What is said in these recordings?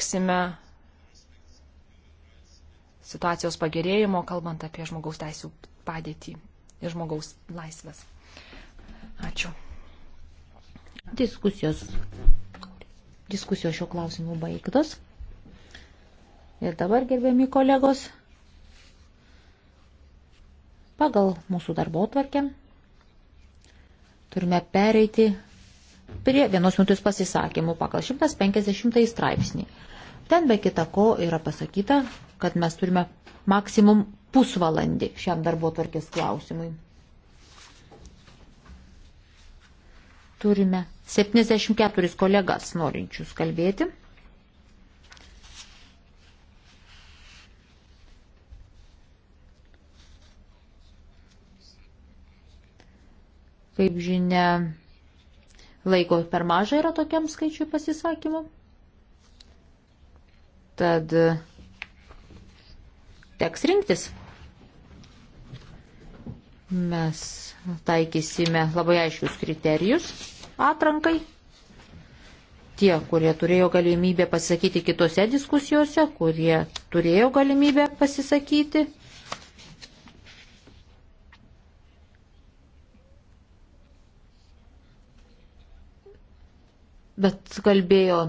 seksime situacijos pagerėjimo, kalbant apie žmogaus teisų padėtį ir žmogaus laisvės. Ačiū. Diskusijos. Diskusijos šio klausimu baigtos. Ir dabar, gerbiami kolegos, pagal mūsų darbo tvarkę turime pereiti prie vienos minutės pasisakymų pagal 150 straipsnį. Ten be kita ko yra pasakyta, kad mes turime maksimum pusvalandį šiam darbo tvarkės klausimui. Turime 74 kolegas norinčius kalbėti. Kaip žinia, laiko per mažai yra tokiam skaičiui pasisakymų. Tad e, teks rinktis. Mes taikysime labai aiškius kriterijus atrankai. Tie, kurie turėjo galimybę pasisakyti kitose diskusijose, kurie turėjo galimybę pasisakyti. Bet kalbėjo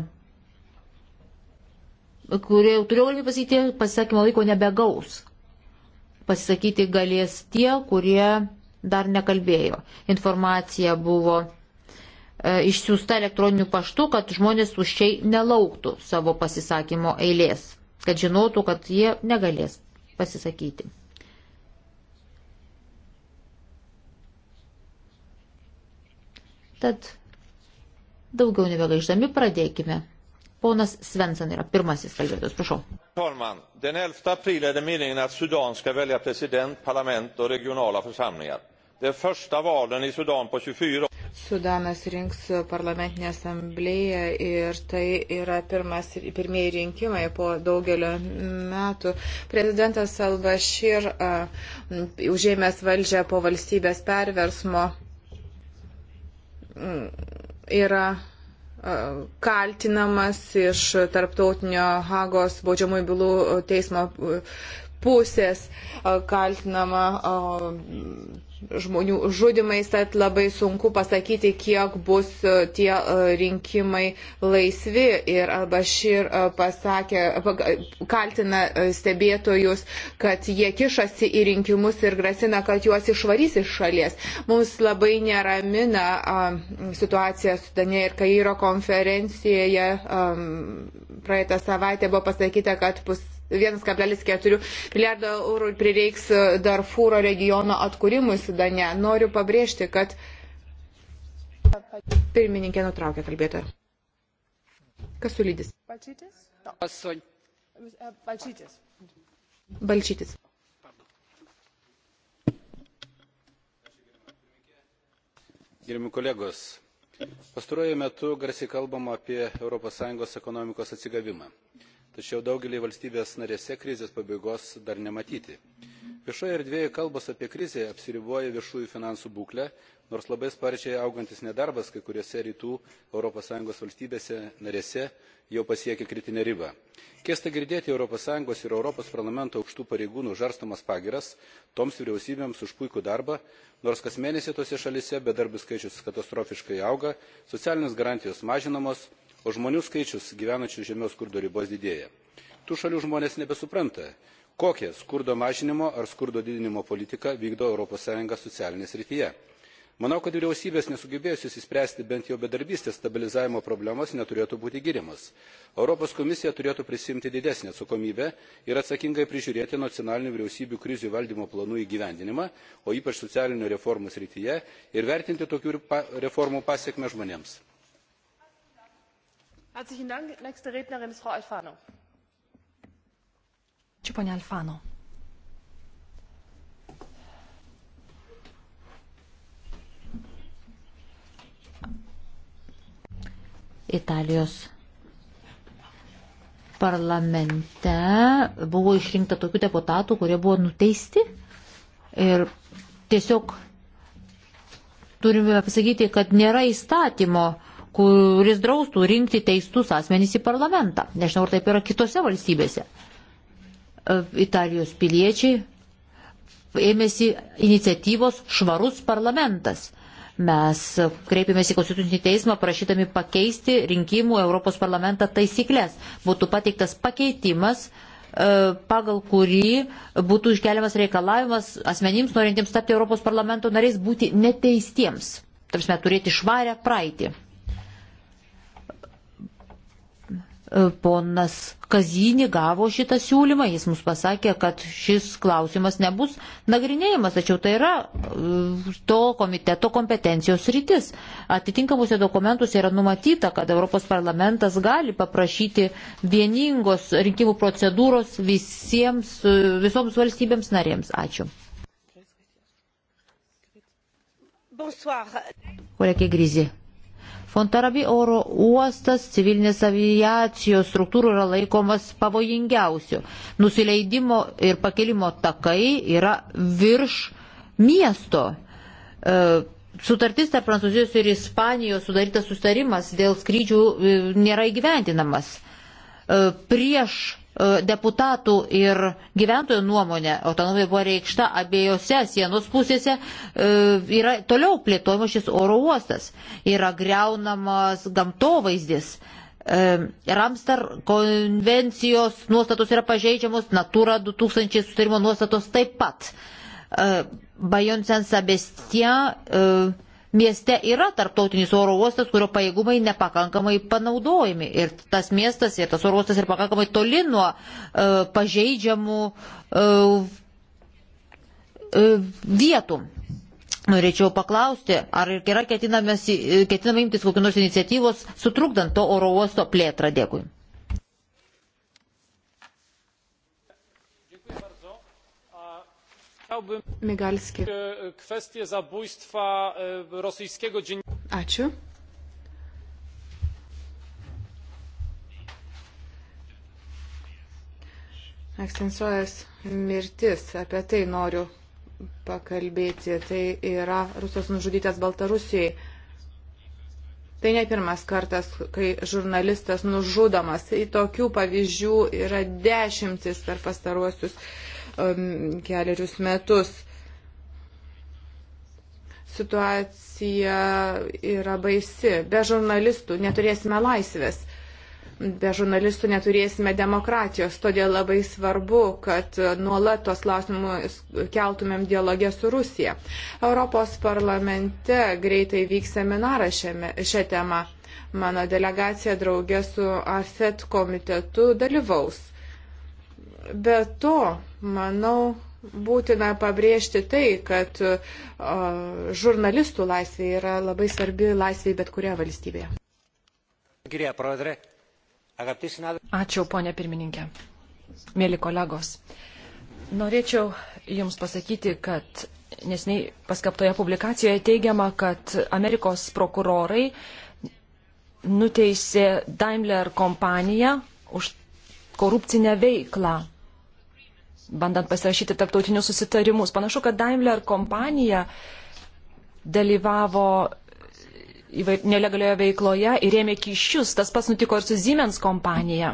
kurie turėjo galimybę pasakyti, pasisakymo laiko nebegaus. Pasisakyti galės tie, kurie dar nekalbėjo. Informacija buvo e, išsiųsta elektroniniu paštu, kad žmonės užšiai nelauktų savo pasisakymo eilės, kad žinotų, kad jie negalės pasisakyti. Tad daugiau nebegaiždami pradėkime. Ponas Svensson yra pirmasis kalbėtojas, prašau. Talman, den 11 april är det meningen att Sudan ska välja president, parlament och regionala församlingar. Det är första valen i Sudan på 24 år. Sudanas rinks parlamentinę asamblėją ir tai yra pirmas, pirmieji rinkimai po daugelio metų. Prezidentas Albašir uh, užėmęs valdžią po valstybės perversmo yra kaltinamas iš tarptautinio Hagos baudžiamųjų bylų teismo pusės kaltinama žmonių žudimais, tad labai sunku pasakyti, kiek bus e, tie e, rinkimai laisvi. Ir Albašir e, pasakė, kaltina stebėtojus, kad jie kišasi į rinkimus ir grasina, kad juos išvarys iš šalies. Mums labai neramina situacija Sudane ir Kairo konferencijoje. Praeitą savaitę buvo pasakyta, kad pus 1,4 milijardo eurų prireiks e, Darfūro regiono atkūrimui Sudane. Noriu pabrėžti, kad pirmininkė nutraukė kalbėtoją. Kas sulydis? E, Balčytis? Balčytis. Balčytis. Gerimi kolegos, pastaruoju metu garsiai kalbama apie ES ekonomikos atsigavimą tačiau daugelį valstybės narėse krizės pabaigos dar nematyti. Viešoje erdvėje kalbos apie krizę apsiriboja viešųjų finansų būklę, nors labai sparčiai augantis nedarbas kai kuriuose rytų ES valstybėse narėse jau pasiekė kritinę ribą. Keista girdėti ES ir ES parlamento aukštų pareigūnų žarstomas pagiras toms vyriausybėms už puikų darbą, nors kas mėnesį tose šalise bedarbių skaičius katastrofiškai auga, socialinės garantijos mažinamos, o žmonių skaičius gyvenančių žemiau skurdo ribos didėja. Tų šalių žmonės nebesupranta, kokią skurdo mažinimo ar skurdo didinimo politiką vykdo ES socialinės rytyje. Manau, kad vyriausybės nesugebėjusios įspręsti bent jau bedarbystės stabilizavimo problemos neturėtų būti girimas. Europos komisija turėtų prisimti didesnį atsakomybę ir atsakingai prižiūrėti nacionalinių vyriausybių krizių valdymo planų įgyvendinimą, o ypač socialinių reformų srityje, ir vertinti tokių reformų pasiekmes žmonėms. Ačiū, ponia Alfano. Italijos parlamente buvo išrinkta tokių deputatų, kurie buvo nuteisti. Ir tiesiog turime pasakyti, kad nėra įstatymo kuris draustų rinkti teistus asmenys į parlamentą. Nežinau, ar taip yra kitose valstybėse. E, Italijos piliečiai ėmėsi iniciatyvos švarus parlamentas. Mes kreipėmės į Konstitucinį teismą prašydami pakeisti rinkimų Europos parlamentą taisyklės. Būtų pateiktas pakeitimas, e, pagal kurį būtų iškeliamas reikalavimas asmenims norintiems tapti Europos parlamento nariais būti neteistiems. Tarsi turėti švarę praeitį. E, ponas Kazinį gavo šitą siūlymą, jis mums pasakė, kad šis klausimas nebus nagrinėjimas, tačiau tai yra e, to komiteto kompetencijos rytis. Atitinkamuose dokumentuose yra numatyta, kad Europos parlamentas gali paprašyti vieningos rinkimų procedūros visiems, e, visoms valstybėms narėms. Ačiū. Bonsoir. Kolegė Grizė. Fontarabi oro uostas civilinės aviacijos struktūrų yra laikomas pavojingiausiu. Nusileidimo ir pakelimo takai yra virš miesto. E, Sutartis tarp Prancūzijos ir Ispanijos sudarytas sustarimas dėl skrydžių e, nėra įgyvendinamas. E, prieš E, deputatų ir gyventojų nuomonė, autonomija buvo reikšta abiejose sienos pusėse, e, yra toliau plėtojamas šis oro uostas, yra greunamas gamtovaizdis. E, Ramstar konvencijos nuostatos yra pažeidžiamos, Natura 2000 sustarimo nuostatos taip pat. Bajon Sensabestien mieste yra tarptautinis oro uostas, kurio pajėgumai nepakankamai panaudojami. Ir tas miestas, ir tas oro uostas yra pakankamai toli nuo uh, pažeidžiamų uh, uh, vietų. Norėčiau paklausti, ar yra ketinama imtis kokios nors iniciatyvos sutrukdant to oro uosto plėtrą. Dėkui. Chciałbym Migalski. E, kwestię zabójstwa e, rosyjskiego dziennikarza. Ačiū. Ekstensuojas mirtis, apie tai noriu pakalbėti. Tai yra Rusijos nužudytas Baltarusijai. Tai ne pirmas kartas, kai žurnalistas nužudomas. Į tai tokių pavyzdžių yra dešimtis per pastaruosius Um, keliarius metus. Situacija yra baisi. Be žurnalistų neturėsime laisvės be žurnalistų neturėsime demokratijos, todėl labai svarbu, kad nuolat tos klausimus keltumėm dialogę su Rusija. Europos parlamente greitai vyks seminaras šiame, šią temą. Mano delegacija draugė su AFET komitetu dalyvaus. Be to, manau, būtina pabrėžti tai, kad žurnalistų laisvė yra labai svarbi laisvė bet kurioje valstybėje. Ačiū, ponė pirmininkė. Mėly kolegos, norėčiau Jums pasakyti, kad nesnei paskaptoje publikacijoje teigiama, kad Amerikos prokurorai nuteisė Daimler kompaniją už korupcinę veiklą bandant pasirašyti tarptautinius susitarimus. Panašu, kad Daimler kompanija dalyvavo įvair, nelegalioje veikloje ir ėmė kišius. Tas pats nutiko ir su Siemens kompanija.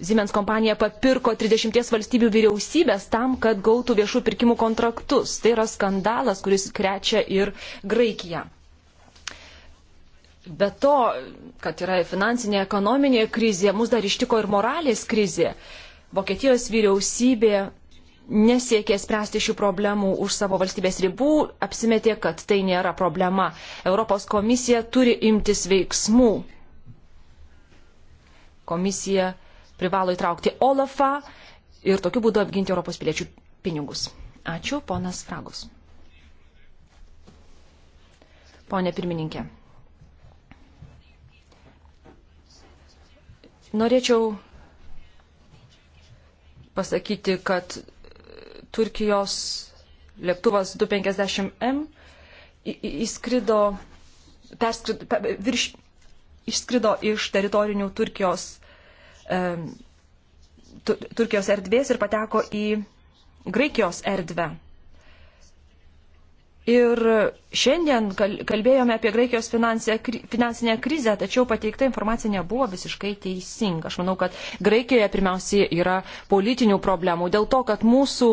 Siemens kompanija papirko 30 valstybių vyriausybės tam, kad gautų viešų pirkimų kontraktus. Tai yra skandalas, kuris krečia ir Graikiją. Be to, kad yra finansinė ekonominė krizė, mus dar ištiko ir moralės krizė. Vokietijos vyriausybė nesiekė spręsti šių problemų už savo valstybės ribų, apsimetė, kad tai nėra problema. Europos komisija turi imtis veiksmų. Komisija privalo įtraukti Olafą ir tokiu būdu apginti Europos piliečių pinigus. Ačiū, ponas Fragus. Pone pirmininkė. Norėčiau pasakyti, kad e, Turkijos lėktuvas 250M įskrido, perskrido, per, virš, išskrido iš teritorinių Turkijos, e, Turkijos erdvės ir pateko į Graikijos erdvę. Ir šiandien kalbėjome apie Graikijos finansinę krizę, tačiau pateikta informacija nebuvo visiškai teisinga. Aš manau, kad Graikijoje pirmiausiai yra politinių problemų dėl to, kad mūsų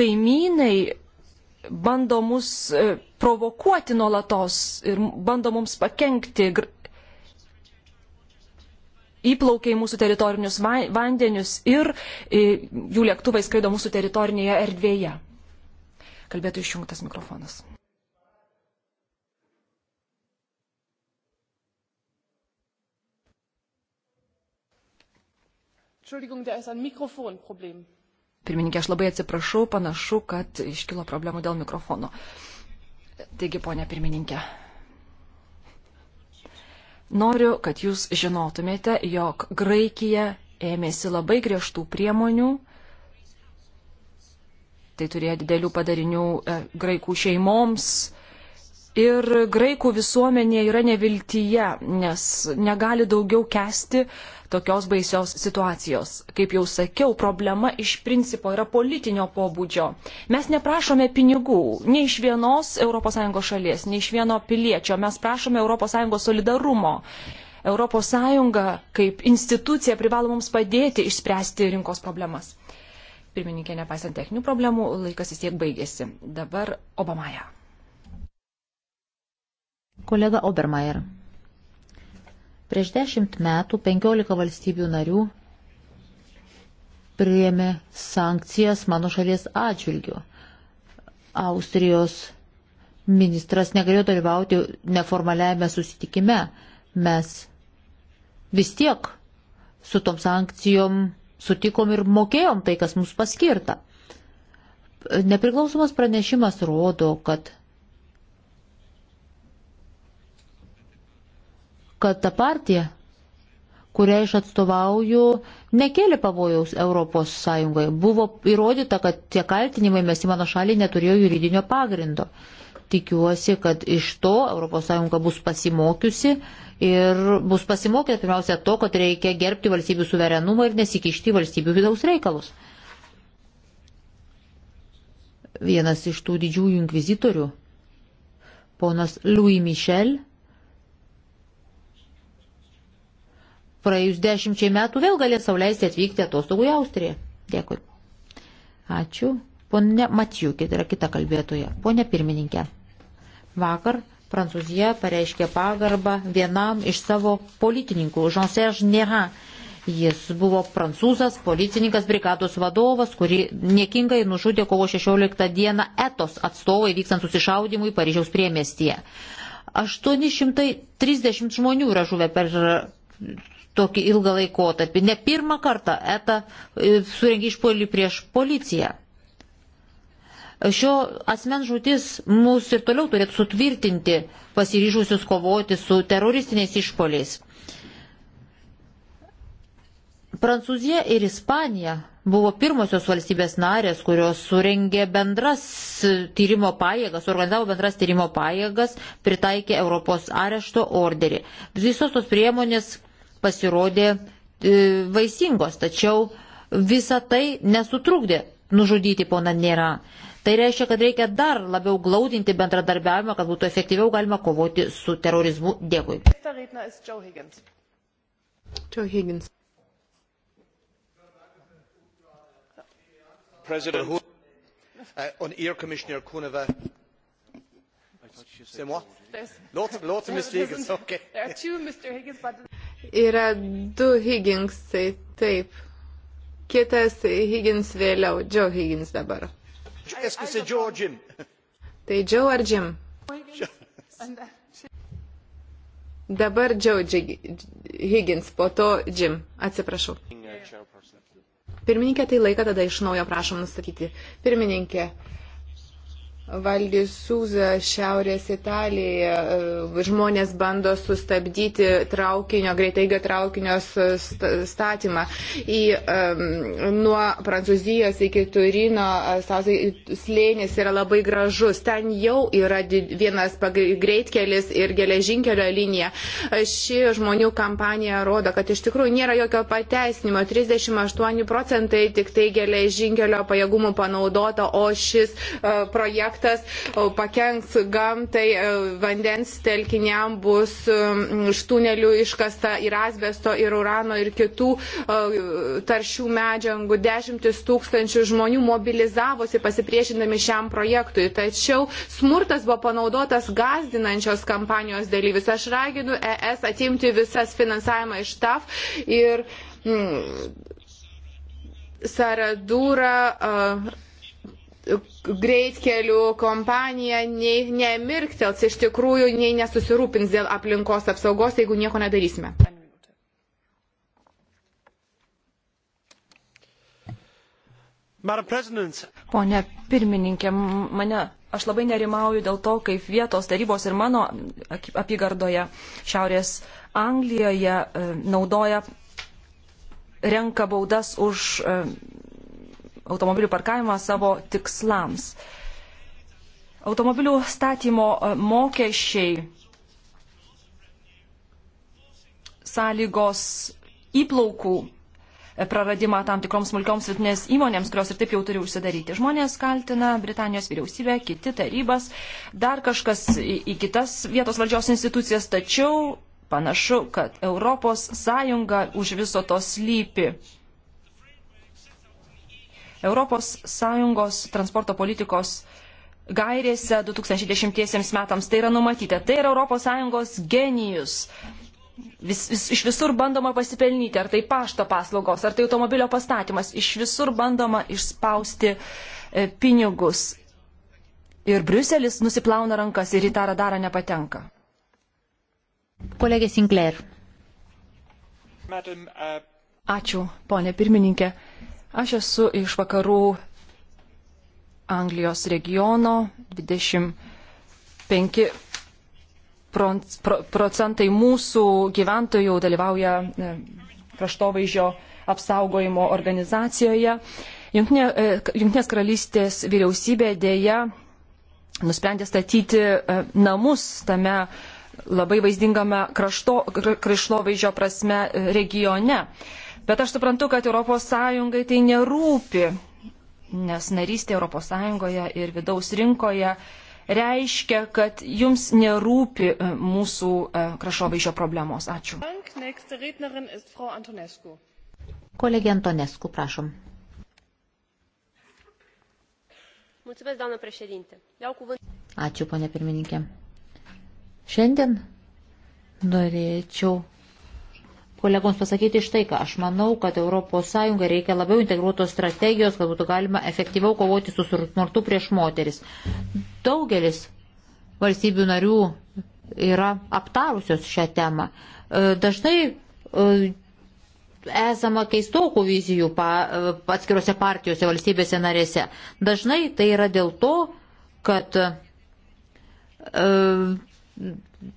kaimynai bando mus e, provokuoti nuolatos ir bando mums pakengti. Įplaukia į mūsų teritorinius vandenius ir e, jų lėktuvai skraido mūsų teritorinėje erdvėje kalbėtų išjungtas mikrofonas. Pirmininkė, aš labai atsiprašau, panašu, kad iškilo problemų dėl mikrofono. Taigi, ponia pirmininkė, noriu, kad jūs žinotumėte, jog Graikija ėmėsi labai griežtų priemonių Tai turėjo didelių padarinių e, graikų šeimoms. Ir graikų visuomenė yra neviltyje, nes negali daugiau kesti tokios baisios situacijos. Kaip jau sakiau, problema iš principo yra politinio pobūdžio. Mes neprašome pinigų nei iš vienos ES šalies, nei iš vieno piliečio. Mes prašome ES solidarumo. ES kaip institucija privalo mums padėti išspręsti rinkos problemas pirmininkė, nepaisant techninių problemų, laikas vis tiek baigėsi. Dabar Obamaja. Kolega Obermeier. Prieš dešimt metų 15 valstybių narių priėmė sankcijas mano šalies atžvilgiu. Austrijos ministras negalėjo dalyvauti neformaliajame susitikime. Mes vis tiek su tom sankcijom sutikom ir mokėjom tai, kas mums paskirta. Nepriklausomas pranešimas rodo, kad, kad ta partija, kurią aš atstovauju, nekėlė pavojaus Europos Sąjungoje. Buvo įrodyta, kad tie kaltinimai mes į mano šalį neturėjo juridinio pagrindo tikiuosi, kad iš to ES bus pasimokiusi ir bus pasimokyta pirmiausia to, kad reikia gerbti valstybių suverenumą ir nesikišti valstybių vidaus reikalus. Vienas iš tų didžiųjų inkvizitorių, ponas Louis Michel, praėjus dešimčiai metų vėl galės sauliaisti atvykti atostogų į Austriją. Dėkui. Ačiū. Pone Mačiukė, tai yra kita kalbėtoja. Pone pirmininkė. Vakar Prancūzija pareiškė pagarbą vienam iš savo politininkų, Jean-Serge Nera. Jis buvo prancūzas, policininkas, brigados vadovas, kurį niekingai nužudė kovo 16 dieną etos atstovai vykstant susišaudimui Paryžiaus priemestyje. 830 žmonių yra žuvę per tokį ilgą laikotarpį. Ne pirmą kartą ETA e, surengė išpolį prieš policiją. Šio asmens žūtis mūsų ir toliau turėtų sutvirtinti pasiryžusius kovoti su teroristiniais išpoliais. Prancūzija ir Ispanija buvo pirmosios valstybės narės, kurios surengė bendras tyrimo pajėgas, organizavo bendras tyrimo pajėgas, pritaikė Europos arešto orderį. Visos tos priemonės pasirodė e, vaisingos, tačiau visa tai nesutrukdė nužudyti poną Nėra. Tai reiškia, kad reikia dar labiau glaudinti bendradarbiavimą, kad būtų efektyviau galima kovoti su terorizmu. Dėkui. Joe Higgins. Joe Higgins. President, who, uh, on ear Commissioner Kuneva. C'est moi? L'autre, l'autre Mr. Higgins, okay. There are two Mr. Higgins, but... Yra du Higginsai, taip. Kitas Higgins vėliau, Joe Higgins dabar. Est-ce que c'est Joe or Jim? Tai Joe ar Jim? Dabar Joe Higgins, po to Jim. Atsiprašau. Pirmininkė, tai laiką tada iš naujo prašom nustatyti. Pirmininkė, uh, Valdisūza šiaurės Italijoje e, žmonės bando sustabdyti traukinio, greitaigio traukinio statymą. Į, um, nuo Prancūzijos iki Turino e, slėnis yra labai gražus. Ten jau yra vienas greitkelis ir geležinkelio linija. E, ši žmonių kampanija rodo, kad iš tikrųjų nėra jokio pateisinimo. 38 procentai tik tai geležinkelio pajėgumų panaudota, o šis uh, projektas aktas pakenks gamtai, vandens telkiniam bus iš tunelių iškasta ir asbesto, ir urano, ir kitų taršių medžiagų. Dešimtis tūkstančių žmonių mobilizavosi pasipriešindami šiam projektui. Tačiau smurtas buvo panaudotas gazdinančios kampanijos dalyvis. Aš raginu ES atimti visas finansavimą iš TAF ir mm, Saradūra. Uh, greitkelių kompanija nei nemirktels iš tikrųjų, nei nesusirūpins dėl aplinkos apsaugos, jeigu nieko nedarysime. Pone pirmininkė, mane, aš labai nerimauju dėl to, kaip vietos tarybos ir mano apygardoje Šiaurės Anglijoje e, naudoja, renka baudas už e, automobilių parkavimą savo tikslams. Automobilių statymo e, mokesčiai sąlygos įplaukų e, praradimą tam tikroms smulkioms vidinės įmonėms, kurios ir taip jau turi užsidaryti. Žmonės kaltina Britanijos vyriausybę, kiti tarybas, dar kažkas į, į kitas vietos valdžios institucijas, tačiau panašu, kad Europos Sąjunga už viso to slypi. ES transporto politikos gairėse 2010 metams tai yra numatyta. Tai yra ES genijus. Vis, vis, iš visur bandoma pasipelnyti, ar tai pašto paslaugos, ar tai automobilio pastatymas, iš visur bandoma išspausti e, pinigus. Ir Briuselis nusiplauna rankas ir į tą radarą nepatenka. Kolegė Sinclair. Uh, Ačiū, ponė pirmininkė. Aš esu iš vakarų Anglijos regiono, 25 procentai mūsų gyventojų dalyvauja e, kraštovaizdžio apsaugojimo organizacijoje. Junknė, e, Junknės karalystės vyriausybė dėja nusprendė statyti e, namus tame labai vaizdingame krašto, krašlovaizdžio prasme regione. Bet aš suprantu, kad ES tai nerūpi, nes narystė ES ir vidaus rinkoje reiškia, kad jums nerūpi e, mūsų e, krašovaišio problemos. Ačiū. Kolegė Antonescu, prašom. Ačiū, ponė pirmininkė. Šiandien norėčiau kolegoms pasakyti štai ką. Aš manau, kad ES reikia labiau integruotos strategijos, kad būtų galima efektyviau kovoti su smurtu prieš moteris. Daugelis valstybių narių yra aptarusios šią temą. E, dažnai e, esama keistokų vizijų pa, e, atskiruose partijose valstybėse narėse. Dažnai tai yra dėl to, kad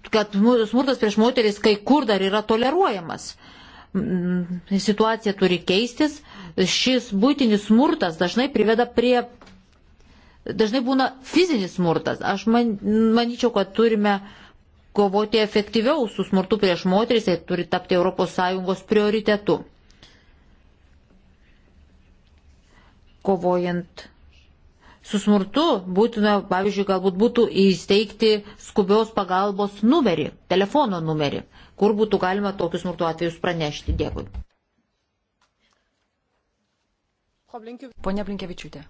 kad smurtas prieš moteris kai kur dar yra toleruojamas. Mm, situacija turi keistis. Šis būtinis smurtas dažnai priveda prie. Dažnai būna fizinis smurtas. Aš man, manyčiau, kad turime kovoti efektyviau su smurtu prieš moteris, tai turi tapti ES prioritetu. Kovojant su smurtu būtina, pavyzdžiui, galbūt būtų įsteigti skubios pagalbos numerį, telefono numerį, kur būtų galima tokius smurto atvejus pranešti. Dėkui. Pone Blinkevičiūtė.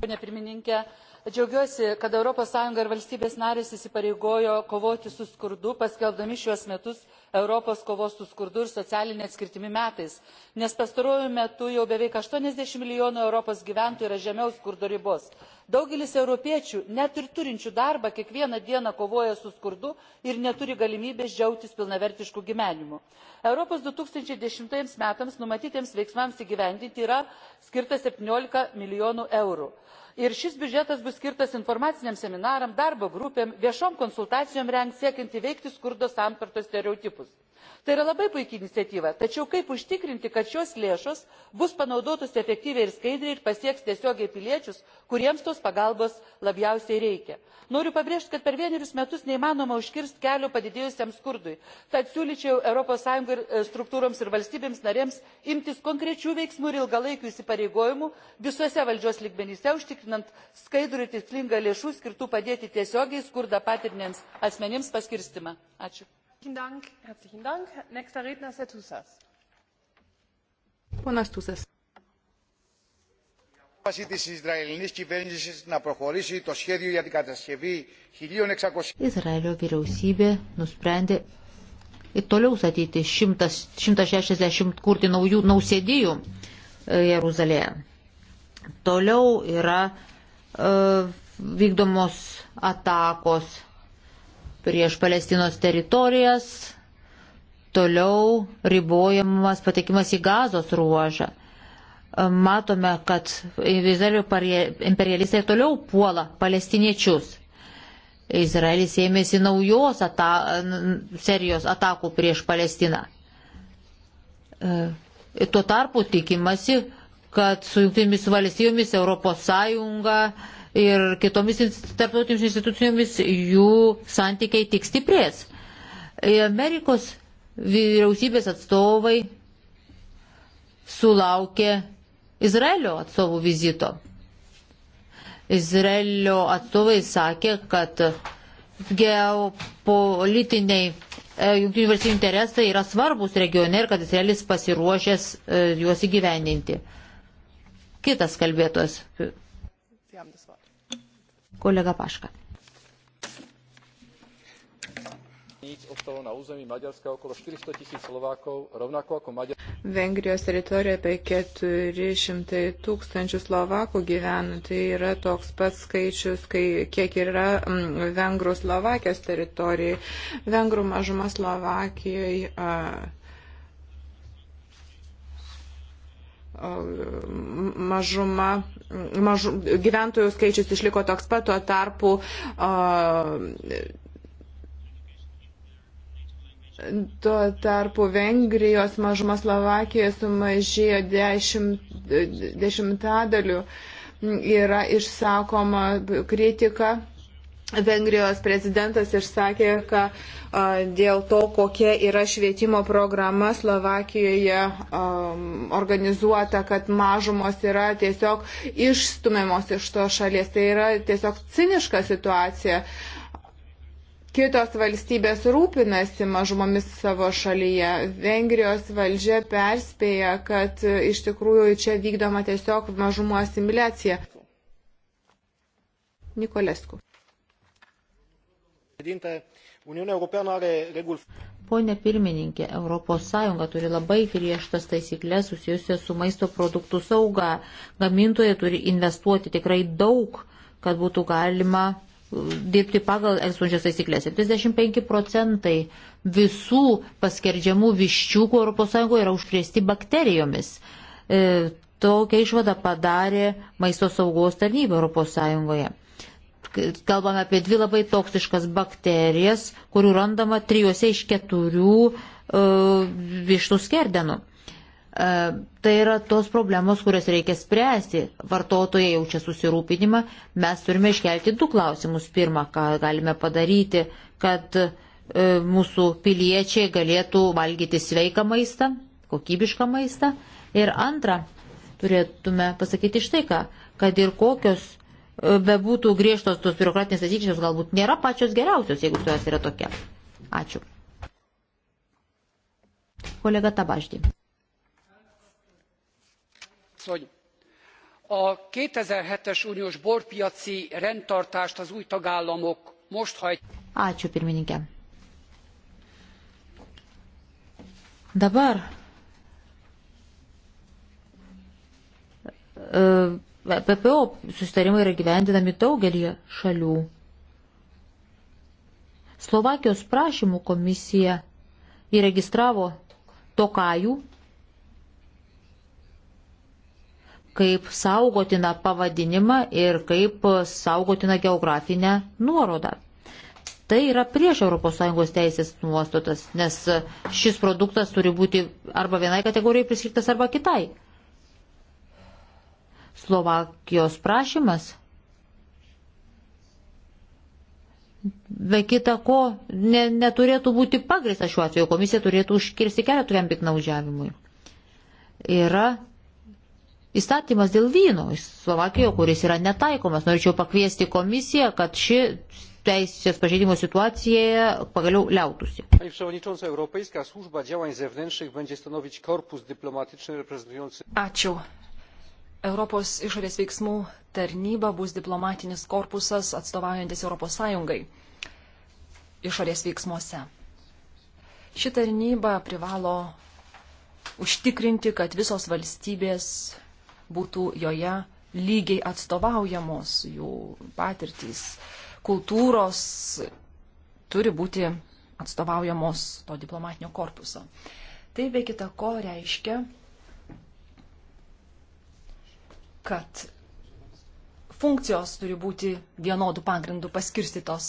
Pone pirmininkė, džiaugiuosi, kad ES ir valstybės narės įsipareigojo kovoti su skurdu, paskelbdami šiuos metus europos kovos su skurdu ir socialine atskirtimi metais nes pastaruoju metu jau beveik aštuoniasdešimt milijonų europos gyventojų yra žemiau skurdo ribos daugelis europiečių net ir turinčių darbą kiekvieną dieną kovoja su skurdu ir neturi galimybės džiaugtis pilnavertišku gyvenimu. europos du tūkstančiai dešimt metams numatytiems veiksmams įgyvendinti yra skirta septyniolika milijonų eurų ir šis biudžetas bus skirtas informaciniams seminarams darbo grupėms viešoms konsultacijoms rengti siekiant įveikti skurdo sampratos stereotipus tai yra labai puikia iniciatyva tačiau kaip užtikrinti kad šios lėšos bus panaudotos efektyviai ir skaidriai ir pasieks tiesiogiai piliečius kuriems tos pagalbos labiausiai reikia? noriu pabrėžti kad per vienerius metus neįmanoma užkirsti kelio padidėjusiam skurdui tad siūlyčiau europos sąjungos e, struktūroms ir valstybėms narėms imtis konkrečių veiksmų ir ilgalaikių įsipareigojimų visuose valdžios lygmenyse užtikrinant skaidrų ir tikslingą lėšų skirtų padėti tiesiogiai skurdą patiriantiems asmenims paskirstymą. ačiū απόφαση της Ισραηλινής κυβέρνησης να προχωρήσει το σχέδιο για την κατασκευή 1.600... Izraelio vyriausybė nusprendė ir toliau statyti 100, 160 kurti naujų nausėdijų e, Jeruzalėje. Toliau yra e, vykdomos atakos prieš Palestinos teritorijas, toliau ribojamas patekimas į gazos ruožą. Matome, kad Izraelio imperialistai toliau puola palestiniečius. Izraelis ėmėsi naujos ata serijos atakų prieš Palestiną. E, tuo tarpu tikimasi, kad su jungtinėmis valstybėmis Europos Sąjunga uh, ir kitomis tarptautinėmis institucijomis jų santykiai tik stiprės. E, Amerikos vyriausybės atstovai sulaukė Izraelio atstovų vizito. Izraelio atstovai sakė, kad geopolitiniai e, jungtinių valstybių interesai yra svarbus regione ir kad Izraelis pasiruošęs e, juos įgyvendinti. Kitas kalbėtojas kolega Paška. ostalo na území Maďarska okolo 400 tisíc Slovákov, rovnako ako Maďar. Vengrijos teritorijoje apie 400 tūkstančių Slovakų gyvena. Tai yra toks pats skaičius, kai, kiek yra mm, Vengrų Slovakijos teritorijai. Vengrų mažuma Slovakijoje. A, mažuma mažu, gyventojų skaičius išliko toks pat, tuo tarpu Tuo tarpu Vengrijos mažuma Slovakijoje sumažėjo dešimt, dešimtadalių, yra išsakoma kritika Vengrijos prezidentas išsakė, kad dėl to, kokia yra švietimo programa Slovakijoje um, organizuota, kad mažumos yra tiesiog išstumiamos iš to šalies. Tai yra tiesiog ciniška situacija. Kitos valstybės rūpinasi mažumomis savo šalyje. Vengrijos valdžia perspėja, kad iš tikrųjų čia vykdoma tiesiog mažumo asimiliacija. Nikolesku. Pone pirmininkė, ES turi labai griežtas taisyklės susijusios su maisto produktų sauga. Gamintojai turi investuoti tikrai daug, kad būtų galima uh, dirbti pagal egzistuojančias taisyklės. 75 procentai visų paskerdžiamų viščiukų ES yra užkrėsti bakterijomis. E, tokią išvadą padarė maisto saugos tarnyba ES. Kalbame apie dvi labai toksiškas bakterijas, kurių randama trijose iš keturių uh, vištų skerdenų. Uh, tai yra tos problemos, kurias reikia spręsti. Vartotojai jaučia susirūpinimą. Mes turime iškelti du klausimus. Pirma, ką galime padaryti, kad uh, mūsų piliečiai galėtų valgyti sveiką maistą, kokybišką maistą. Ir antra, turėtume pasakyti štai ką, kad ir kokios E, bebūtų griežtos tos biurokratinės taisyklės, galbūt nėra pačios geriausios, jeigu jos yra tokia. Ačiū. Kolega Tabaždė. A 2007-es uniós borpiaci rendtartást az új tagállamok most hajt. Ačiū pirmininkė. Dabar e, PPO susitarimai yra gyvendinami daugelį šalių. Slovakijos prašymų komisija įregistravo tokajų kaip saugotina pavadinimą ir kaip saugotina geografinę nuorodą. Tai yra prieš ES teisės nuostatas, nes šis produktas turi būti arba vienai kategorijai priskirtas, arba kitai. Slovakijos prašymas be kita ko, ne, neturėtų būti pagrįsta šiuo atveju, komisija turėtų užkirsti kelią tokiam piknaudžiavimui. Yra įstatymas dėl vyno Slovakijoje, kuris yra netaikomas. Norėčiau pakviesti komisiją, kad ši teisės pažeidimo situacija pagaliau liautųsi. Pani Przewodnicząca, Europejska służba działań zewnętrznych będzie stanowić korpus dyplomatyczny reprezentujący. Ačiū. Europos išorės veiksmų tarnyba bus diplomatinis korpusas atstovaujantis ES išorės veiksmuose. Ši tarnyba privalo užtikrinti, kad visos valstybės būtų joje lygiai atstovaujamos, jų patirtys, kultūros turi būti atstovaujamos to diplomatinio korpuso. Tai be kita ko reiškia, kad funkcijos turi būti vienodų pagrindų paskirstytos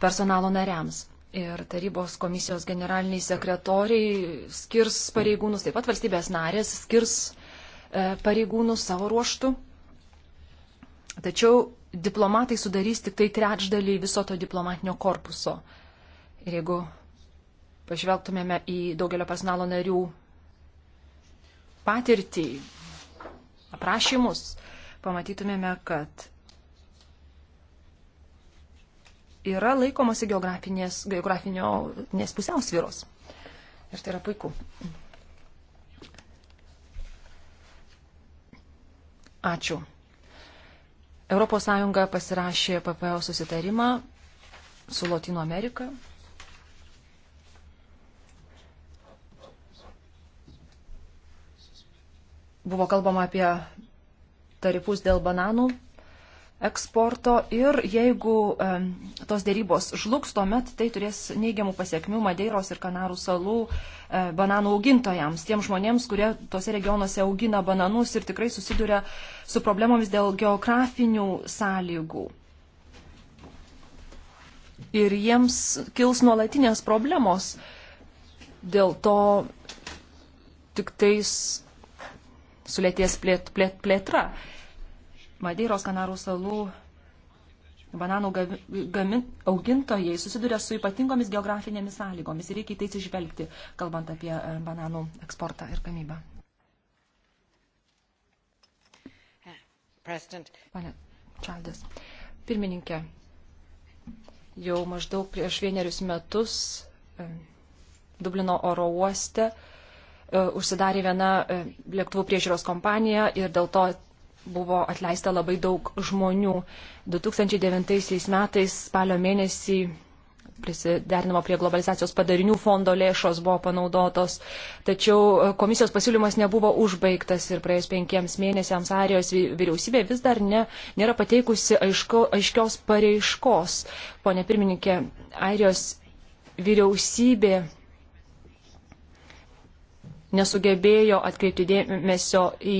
personalo nariams. Ir tarybos komisijos generaliniai sekretoriai skirs pareigūnus, taip pat valstybės narės skirs e, pareigūnus savo ruoštų. Tačiau diplomatai sudarys tik tai trečdalį viso to diplomatinio korpuso. Ir jeigu pažvelgtumėme į daugelio personalo narių patirtį, aprašymus, pamatytumėme, kad yra laikomasi geografinės, geografinės pusiausvyros. Ir tai yra puiku. Ačiū. ES pasirašė PPO susitarimą su Latino Amerika Buvo kalbama apie tarifus dėl bananų eksporto ir jeigu tos dėrybos žlugs, tuomet tai turės neigiamų pasiekmių Madeiros ir Kanarų salų e, bananų augintojams, tiem žmonėms, kurie tose regionuose augina bananus ir tikrai susiduria su problemomis dėl geografinių sąlygų. Ir jiems kils nuolatinės problemos. Dėl to tik tais sulėties plėt, plėt, plėtra. Madeiros Kanarų salų bananų gamin, augintojai susiduria su ypatingomis geografinėmis sąlygomis ir reikia į tai atsižvelgti, kalbant apie e, bananų eksportą ir gamybą. Pane Čaldės, pirmininkė, jau maždaug prieš vienerius metus e, Dublino oro uoste uh, E, užsidarė viena e, lėktuvų priežiūros kompanija ir dėl to buvo atleista labai daug žmonių. 2009 metais spalio mėnesį prisiderinimo prie globalizacijos padarinių fondo lėšos buvo panaudotos, tačiau e, komisijos pasiūlymas nebuvo užbaigtas ir praėjus penkiems mėnesiams Arijos vyriausybė vis dar ne, nėra pateikusi aiško, aiškios pareiškos. Pone pirmininkė, Arijos vyriausybė nesugebėjo atkreipti dėmesio į,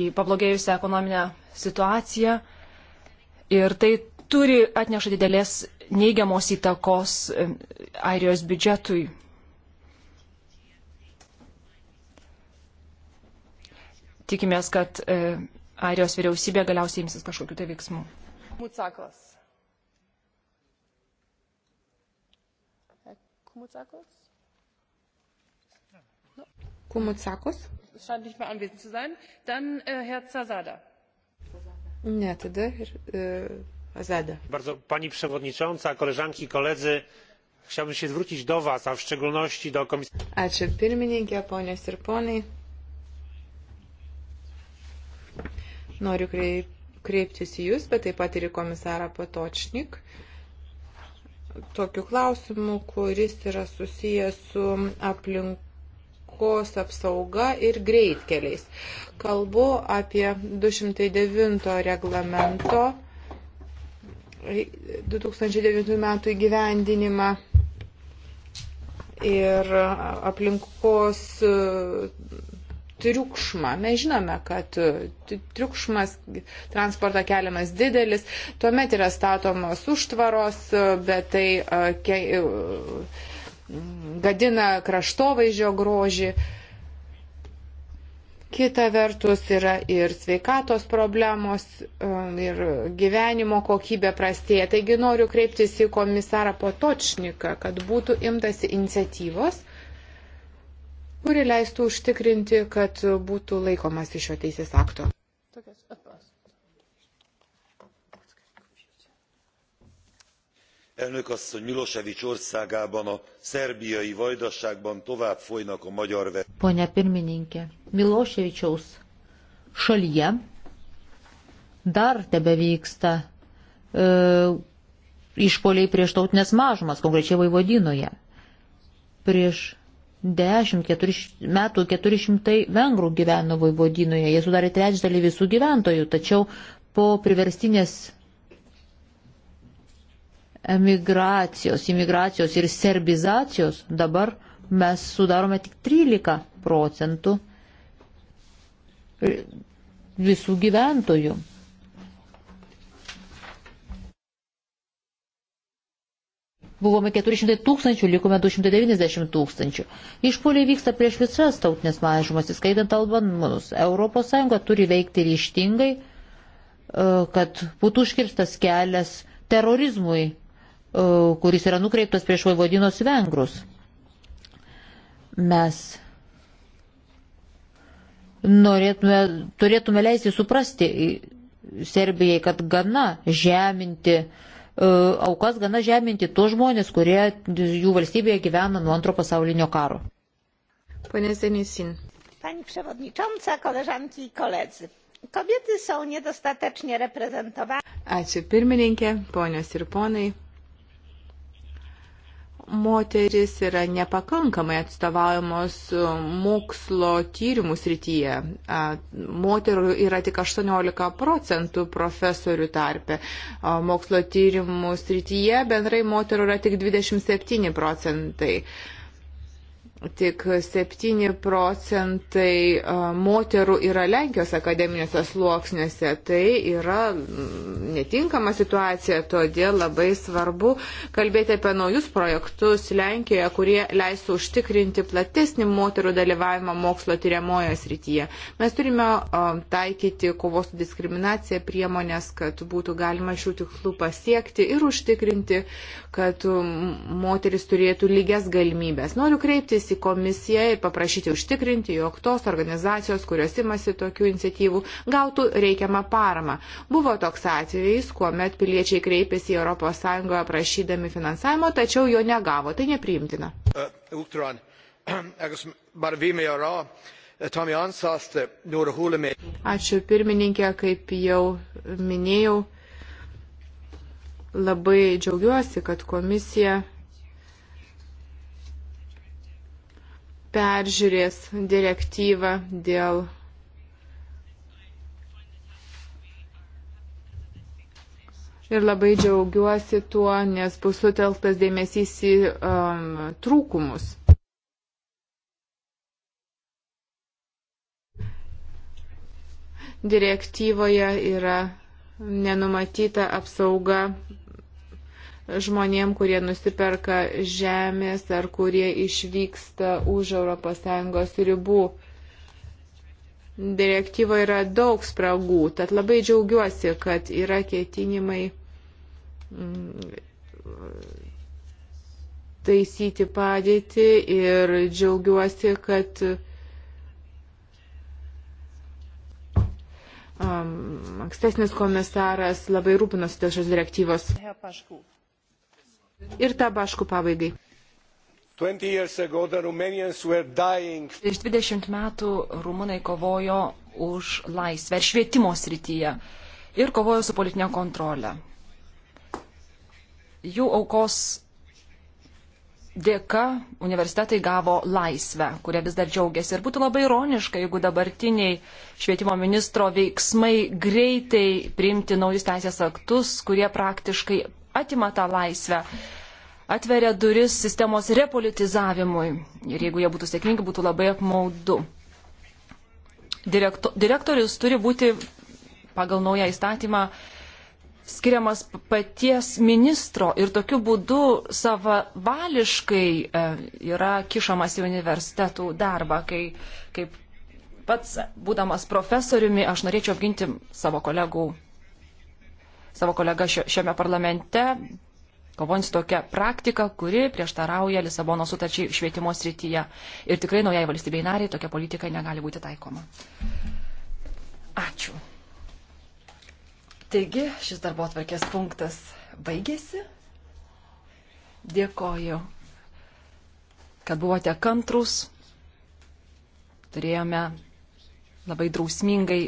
į pablogėjusią ekonominę situaciją ir tai turi atneša didelės neigiamos įtakos e, Airijos biudžetui. Tikimės, kad e, Airijos vyriausybė galiausiai imsis kažkokiu tai veiksmu. Mutsakos. Kumutsakos? Kumutsakos? Scheint nicht mehr anwesend zu sein. Dann äh, Herr Zasada. Nie, tada, e, Zasada. Bardzo Pani Przewodnicząca, koleżanki i koledzy, chciałbym się zwrócić do Was, a w szczególności do Komisji... Ačiū pirmininkė, ponės ir ponai. Noriu kreiptis į Jūs, bet taip pat ir į komisarą Patočnik. Uh, tokiu klausimu, kuris yra susijęs su aplinkos apsauga ir greitkeliais. Kalbu apie 209 reglamento 2009 metų įgyvendinimą ir aplinkos triukšmą. Mes žinome, kad e, triukšmas transporto keliamas didelis, tuomet yra statomos užtvaros, e, bet tai e, gadina kraštovaizdžio grožį. Kita vertus yra ir sveikatos problemos, ir gyvenimo kokybė prastėja. Taigi noriu kreiptis į komisarą Potočniką, kad būtų imtasi iniciatyvos kuri leistų užtikrinti, kad būtų laikomas iš šio teisės akto. elnök asszony milosevic országában a szerbiai vajdaságban tovább folynak a magyar Pone pirmininke, Miloševičiaus šalyje dar tebe vyksta e, išpoliai prieš tautinės mažumas, konkrečiai Vojvodinoje. Prieš 10 4, metų 400 vengrų gyveno Vojvodinoje. Jie sudarė trečdalį visų gyventojų, tačiau po priverstinės emigracijos, imigracijos ir serbizacijos dabar mes sudarome tik 13 procentų visų gyventojų. buvome 400 tūkstančių, likome 290 tūkstančių. Išpoliai vyksta prieš visas tautinės mažumas, įskaitant albanus. ES turi veikti ryštingai, e, kad būtų užkirstas kelias terorizmui, e, kuris yra nukreiptas prieš Vojvodinos vengrus. Mes norėtume, turėtume leisti suprasti Serbijai, kad gana žeminti uh, E, aukas gana žeminti tuos žmonės, kurie jų valstybėje gyvena nuo antro pasaulinio karo. Pane Zenisin. Pani Przewodnicząca, koleżanki i koledzy. Kobiety są niedostatecznie reprezentowane. Ačiū pirmininkė, ponios ir ponai moteris yra nepakankamai atstovaujamos mokslo tyrimų srityje. Moterų yra tik 18 procentų profesorių tarpe. Mokslo tyrimų srityje bendrai moterų yra tik 27 procentai. Tik 7 procentai moterų yra Lenkijos akademiniuose sluoksniuose. Tai yra netinkama situacija, todėl labai svarbu kalbėti apie naujus projektus Lenkijoje, kurie leisų užtikrinti platesnį moterų dalyvavimą mokslo tyriamojo srityje. Mes turime taikyti kovos su diskriminacija priemonės, kad būtų galima šių tikslų pasiekti ir užtikrinti, kad moteris turėtų lygias galimybės. Noriu kreiptis į komisiją ir paprašyti užtikrinti, jog tos organizacijos, kurios imasi tokių iniciatyvų, gautų reikiamą paramą. Buvo toks atvejis atvejais, kuomet piliečiai kreipėsi į ES prašydami finansavimo, tačiau jo negavo. Tai nepriimtina. Eh, eh, eh, Ačiū pirmininkė, kaip jau minėjau, labai džiaugiuosi, kad komisija peržiūrės direktyvą dėl ir labai džiaugiuosi tuo, nes bus sutelktas dėmesys į um, trūkumus. Direktyvoje yra nenumatyta apsauga žmonėm, kurie nusiperka žemės ar kurie išvyksta už ES ribų. Direktyvoje yra daug spragų, tad labai džiaugiuosi, kad yra ketinimai Mm, taisyti padėtį ir džiaugiuosi, kad um, ankstesnis komisaras labai rūpinosi dėl šios direktyvos. Ir tabaškų pabaigai. Prieš 20 metų rumunai kovojo už laisvę ir švietimo srityje ir kovojo su politinė kontrolė. Jų aukos dėka universitetai gavo laisvę, kurie vis dar džiaugiasi. Ir būtų labai ironiška, jeigu dabartiniai švietimo ministro veiksmai greitai priimti naujus teisės aktus, kurie praktiškai atima tą laisvę atveria duris sistemos repolitizavimui. Ir jeigu jie būtų sėkmingi, būtų labai apmaudu. Direkto, direktorius turi būti pagal naują įstatymą uh, skiriamas paties ministro ir tokiu būdu savavališkai e, yra kišamas į universitetų darbą, kai kaip pats būdamas profesoriumi aš norėčiau apginti savo kolegų, savo kolegą šiame parlamente, kovojant su tokia praktika, kuri prieštarauja Lisabono sutarčiai švietimo srityje. Ir tikrai naujai valstybei nariai tokia politika negali būti taikoma. Ačiū. Taigi, šis darbo atvarkės punktas baigėsi. Dėkoju, kad buvote kantrus. Turėjome labai drausmingai